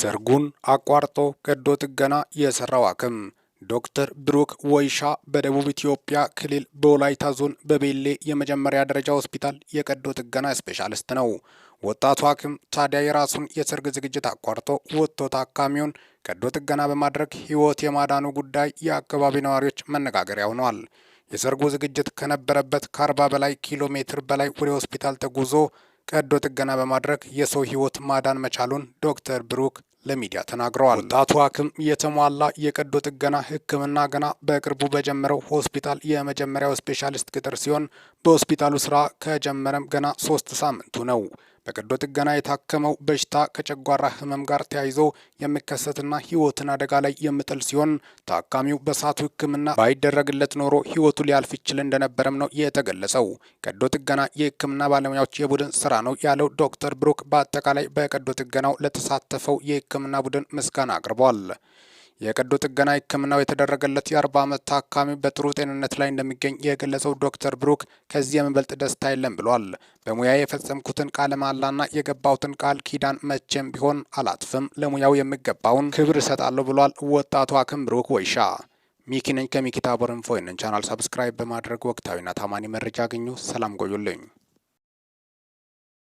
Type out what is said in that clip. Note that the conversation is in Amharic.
ሰርጉን አቋርጦ ቀዶ ጥገና የሰራው አክም ዶክተር ብሩክ ወይሻ በደቡብ ኢትዮጵያ ክልል በወላይታ ዞን በቤሌ የመጀመሪያ ደረጃ ሆስፒታል የቀዶ ጥገና ስፔሻሊስት ነው። ወጣቱ አክም ታዲያ የራሱን የሰርግ ዝግጅት አቋርጦ ወጥቶ ታካሚውን ቀዶ ጥገና በማድረግ ሕይወት የማዳኑ ጉዳይ የአካባቢ ነዋሪዎች መነጋገሪያ ሆኗል። የሰርጉ ዝግጅት ከነበረበት ከ40 በላይ ኪሎ ሜትር በላይ ወደ ሆስፒታል ተጉዞ ቀዶ ጥገና በማድረግ የሰው ሕይወት ማዳን መቻሉን ዶክተር ብሩክ ለሚዲያ ተናግረዋል። ወጣቱ ሐኪም የተሟላ የቀዶ ጥገና ሕክምና ገና በቅርቡ በጀመረው ሆስፒታል የመጀመሪያው ስፔሻሊስት ቅጥር ሲሆን በሆስፒታሉ ስራ ከጀመረም ገና ሶስት ሳምንቱ ነው። በቀዶ ጥገና የታከመው በሽታ ከጨጓራ ህመም ጋር ተያይዞ የሚከሰትና ህይወትን አደጋ ላይ የሚጥል ሲሆን ታካሚው በሳቱ ህክምና ባይደረግለት ኖሮ ህይወቱ ሊያልፍ ይችል እንደነበረም ነው የተገለጸው። ቀዶ ጥገና የህክምና ባለሙያዎች የቡድን ስራ ነው ያለው ዶክተር ብሩክ በአጠቃላይ በቀዶ ጥገናው ለተሳተፈው የህክምና ቡድን ምስጋና አቅርቧል። የቀዶ ጥገና ህክምናው የተደረገለት የ40 ዓመት ታካሚ በጥሩ ጤንነት ላይ እንደሚገኝ የገለጸው ዶክተር ብሩክ ከዚህ የምበልጥ ደስታ የለም ብሏል። በሙያ የፈጸምኩትን ቃለ መሃላና የገባሁትን ቃል ኪዳን መቼም ቢሆን አላጥፍም፣ ለሙያው የሚገባውን ክብር እሰጣለሁ ብሏል። ወጣቱ አክም ብሩክ ወይሻ ሚኪነኝ ከሚኪታ ቦርንፎይንን ቻናል ሰብስክራይብ በማድረግ ወቅታዊና ታማኒ መረጃ አገኙ ሰላም ቆዩልኝ።